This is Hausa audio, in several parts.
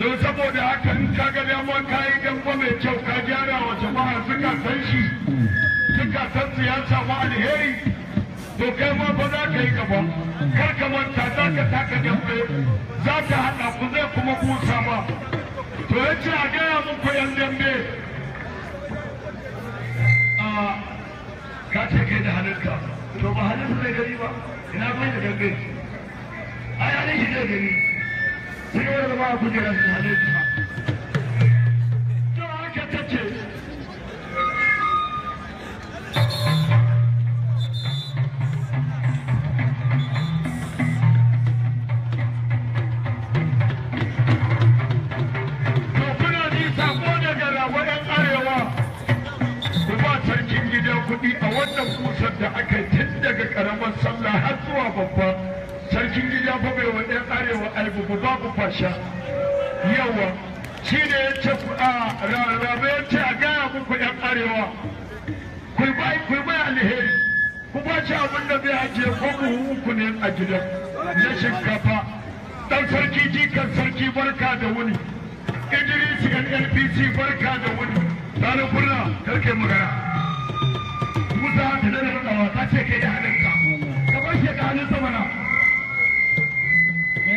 don saboda haka in ka ga damuwar ka yi gamba mai kyau ka gyara wa jama'a suka san shi suka san siyasa ma alheri to kai ma ba za ka yi gaba kar ka manta za ka taka dambe za ka haɗa ku zai kuma kusa ba. to ya ce a gaya muku yan dambe ka ce kai da halitta to ba halitta zai gari ba ina bai da dambe ai halitta zai gari sai wani ba ku jiran zane ba to haka kuɗi a wannan kusan da aka yi tun daga ƙaramar sallah har zuwa babba sarkin gida ba bai wa ɗan arewa albubu babu fasha yawa shi ne ya ce a rarrabe ya ce a gaya muku ɗan arewa ku bai alheri ku ba shi abin da bai ajiye ko buhu uku ne a gida na shinkafa ɗan sarki jikan sarki barka da wuni idris yan npc barka da wuni tare kurna karke magana musa da da rawa ta ce kai da hannunka ka bar sama na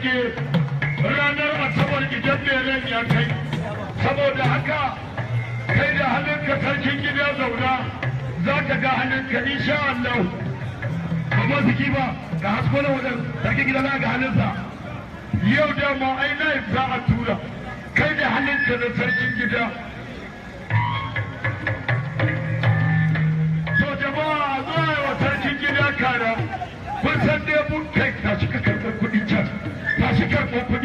rage ranar asabar idan mai ran ya kai saboda haka kai da hannunka sarkin gida zauna za ka ga hannunka insha Allah ba ma ziki ba da hasko na wajen sarkin gida za ga hannunsa yau da ma ai na za a tura kai da hannunka na sarkin gida so jama'a zuwa wa sarkin gida kara kun san dai mun kai ta shi karɓar kuɗin can shi karɓo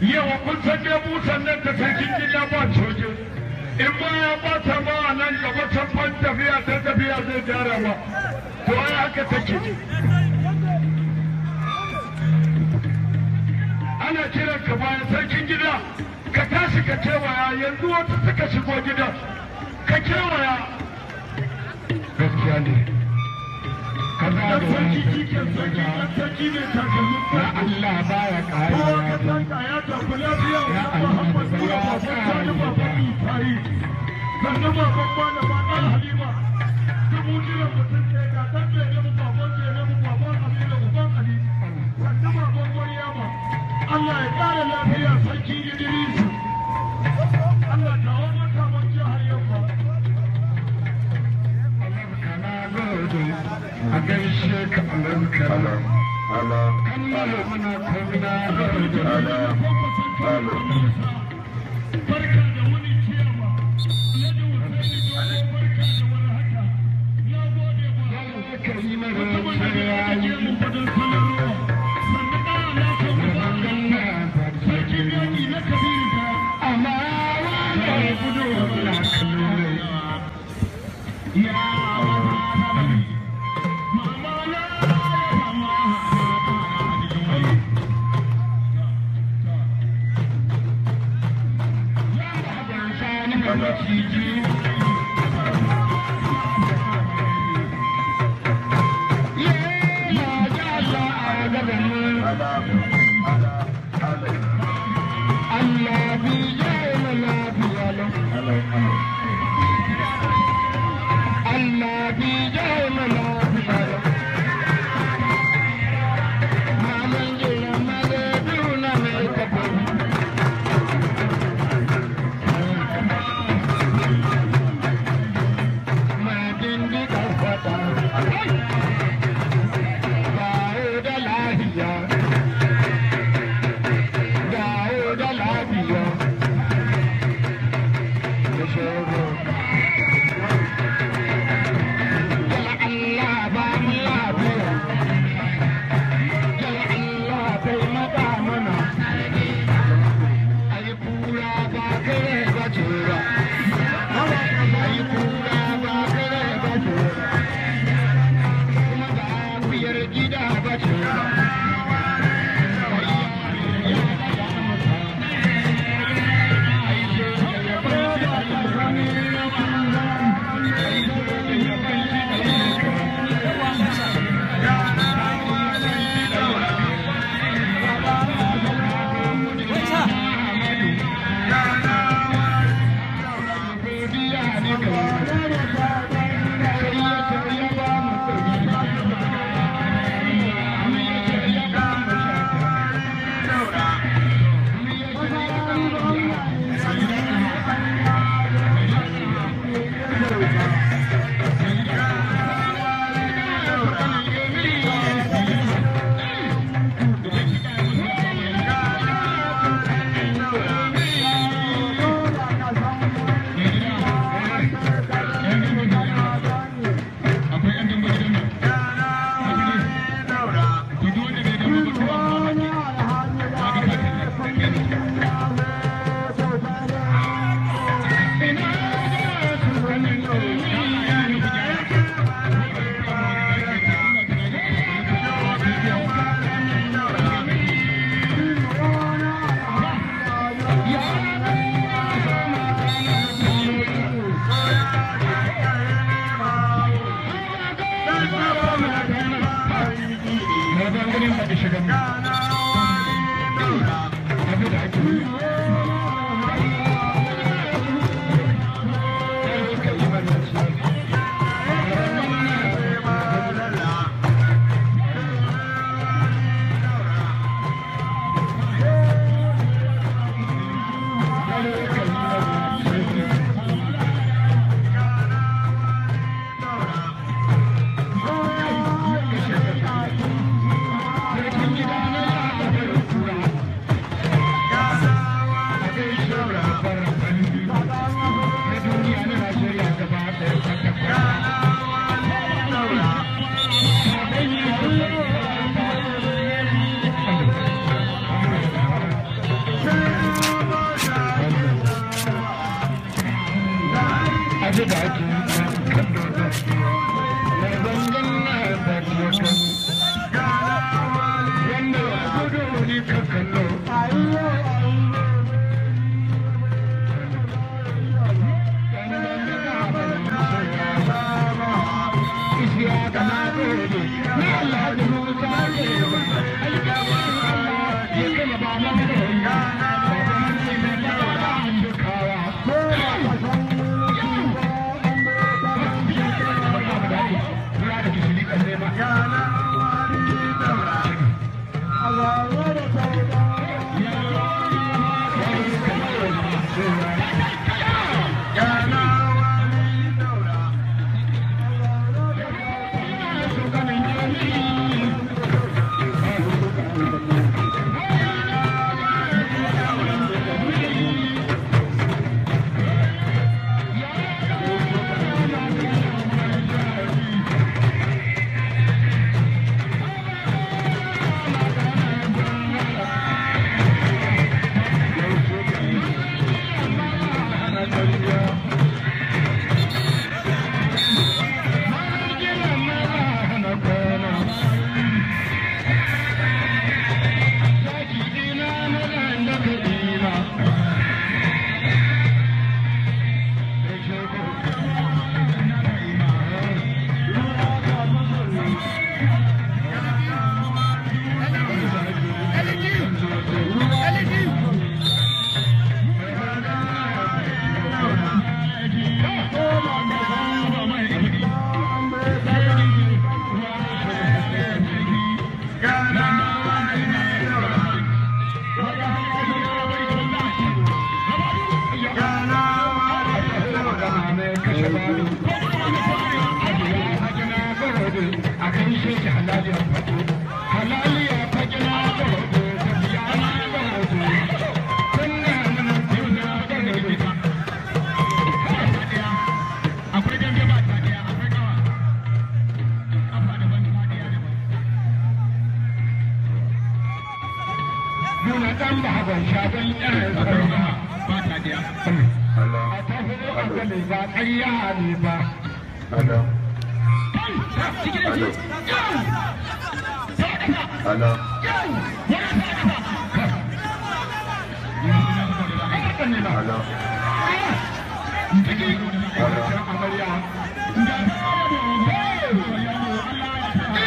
yawa kun san dai nan ta sarkin gida ba coge in ba ya bata ta a nan gaba can ban tafiya ta tafiya zai gyara ba to ai haka take ana kiran ka bayan sarkin gida ka tashi ka kewaya yanzu wata suka shigo gidan ka kewaya gaskiya ne sarki kikin sarki ɗan ne takalmin ko Allah ya tafi lafiya ya Muhammad Allah ya kare lafiya sarki Idris Allah ta wani a gaishe ka alarka Allah muna komina da Gana wani shiga mu. Gana wani Thank you.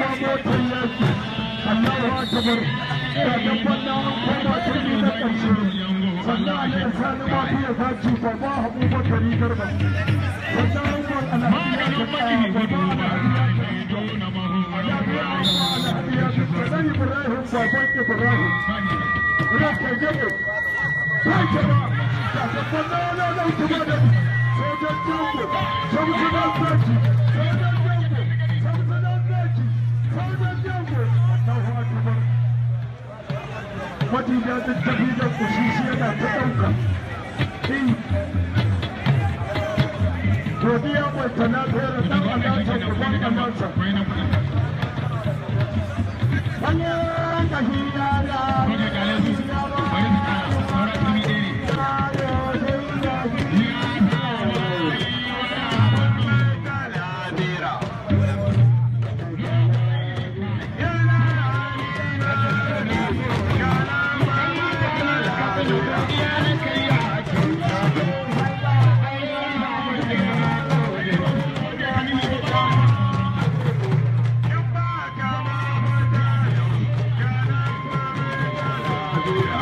komo tallansu Allahu Akbar sannan wannan an koma turmi na ƙarshe sannan an yi sani mafi ya zaci ba na wani alaikuma da Sojan Tumbo madina duk tafi da kushishi yana ta ɗauka godiya mai tana tsoron ɗan alata kuban amansa Allah ka hiyara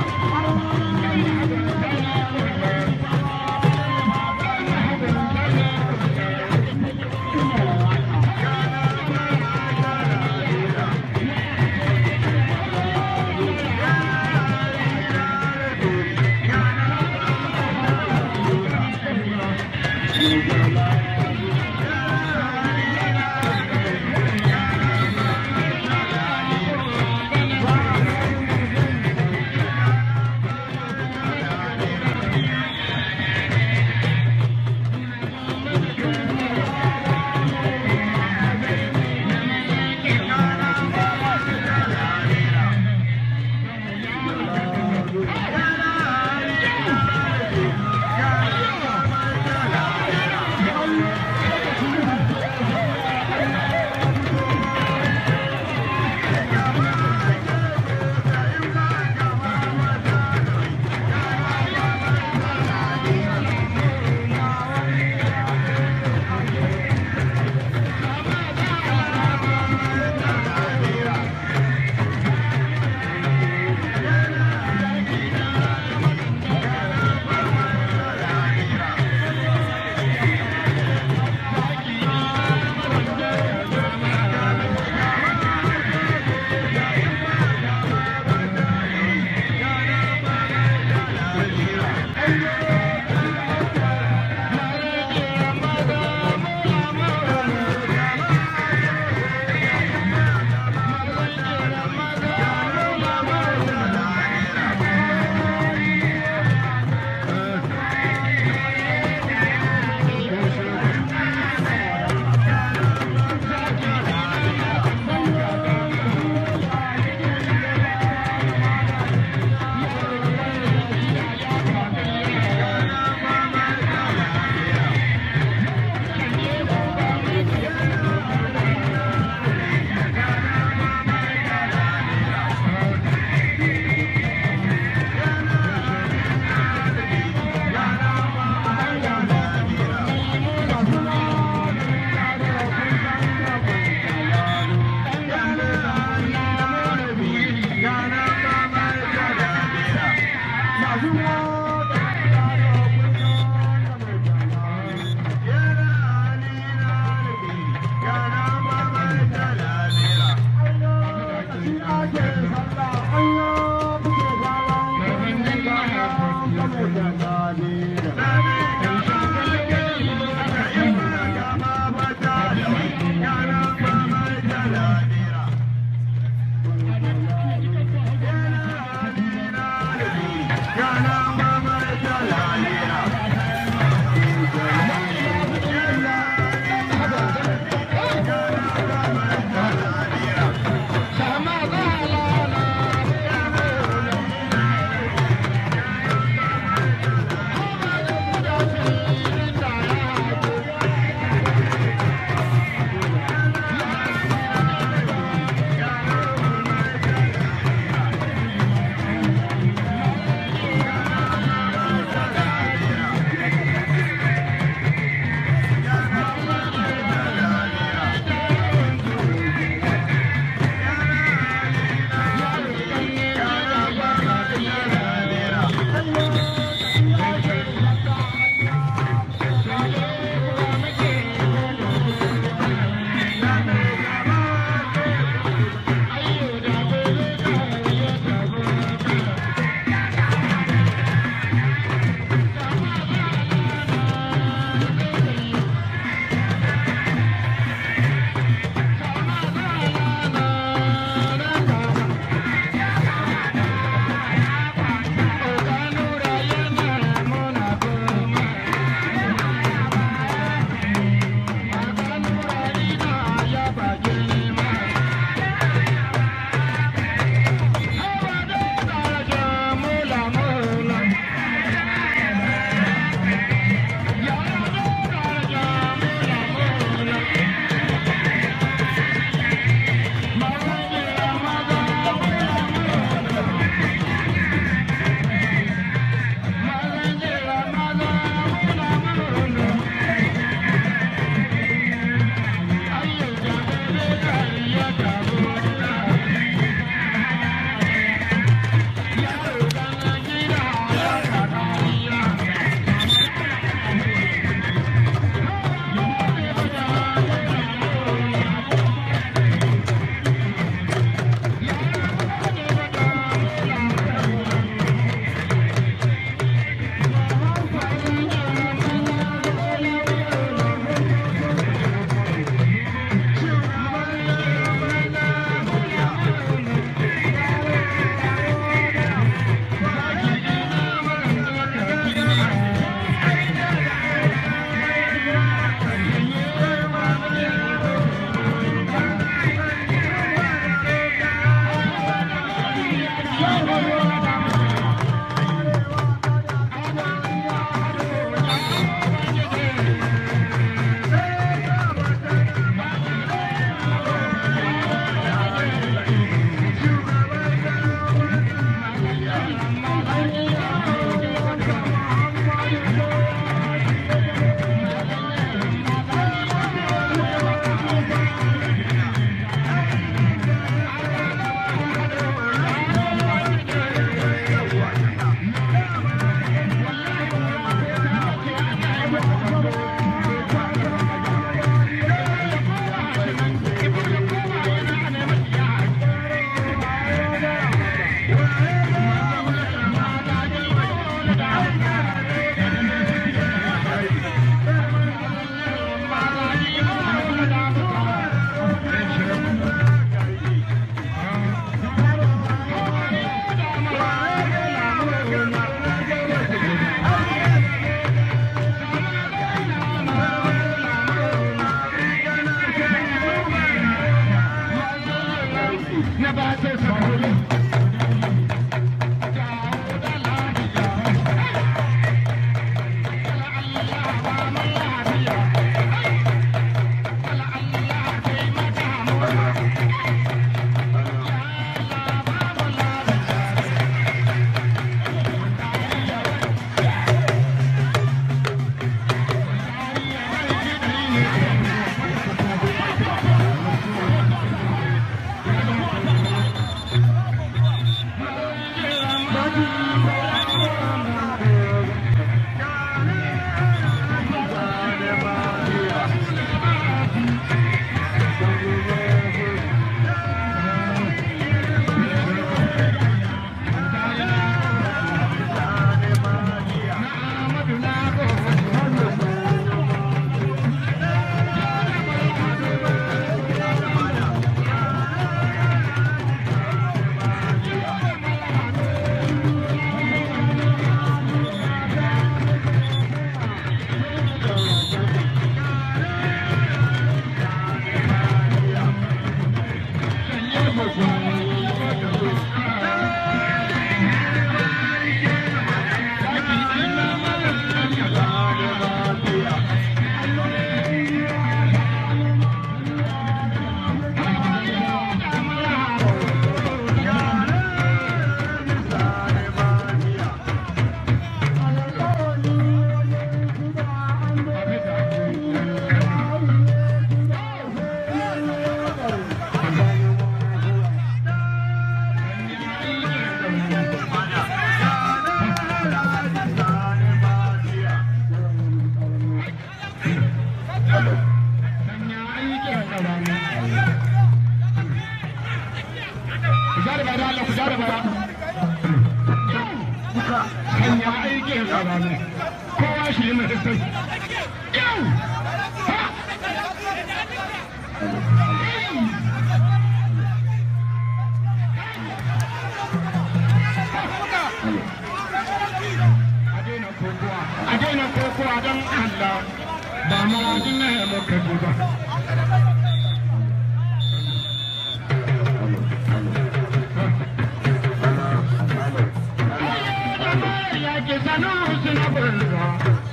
Thank you. न बाद